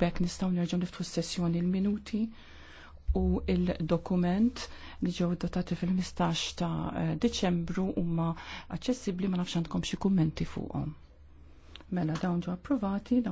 Bek nistaw nerġgħu niftu s-sessjoni l-minuti u il-dokument li ġew dotati fil-15 ta' eh, Deċembru huma aċċessibbli ma nafx għandkom xi kummenti fuqhom. Mela dawn ġew approvati, dawn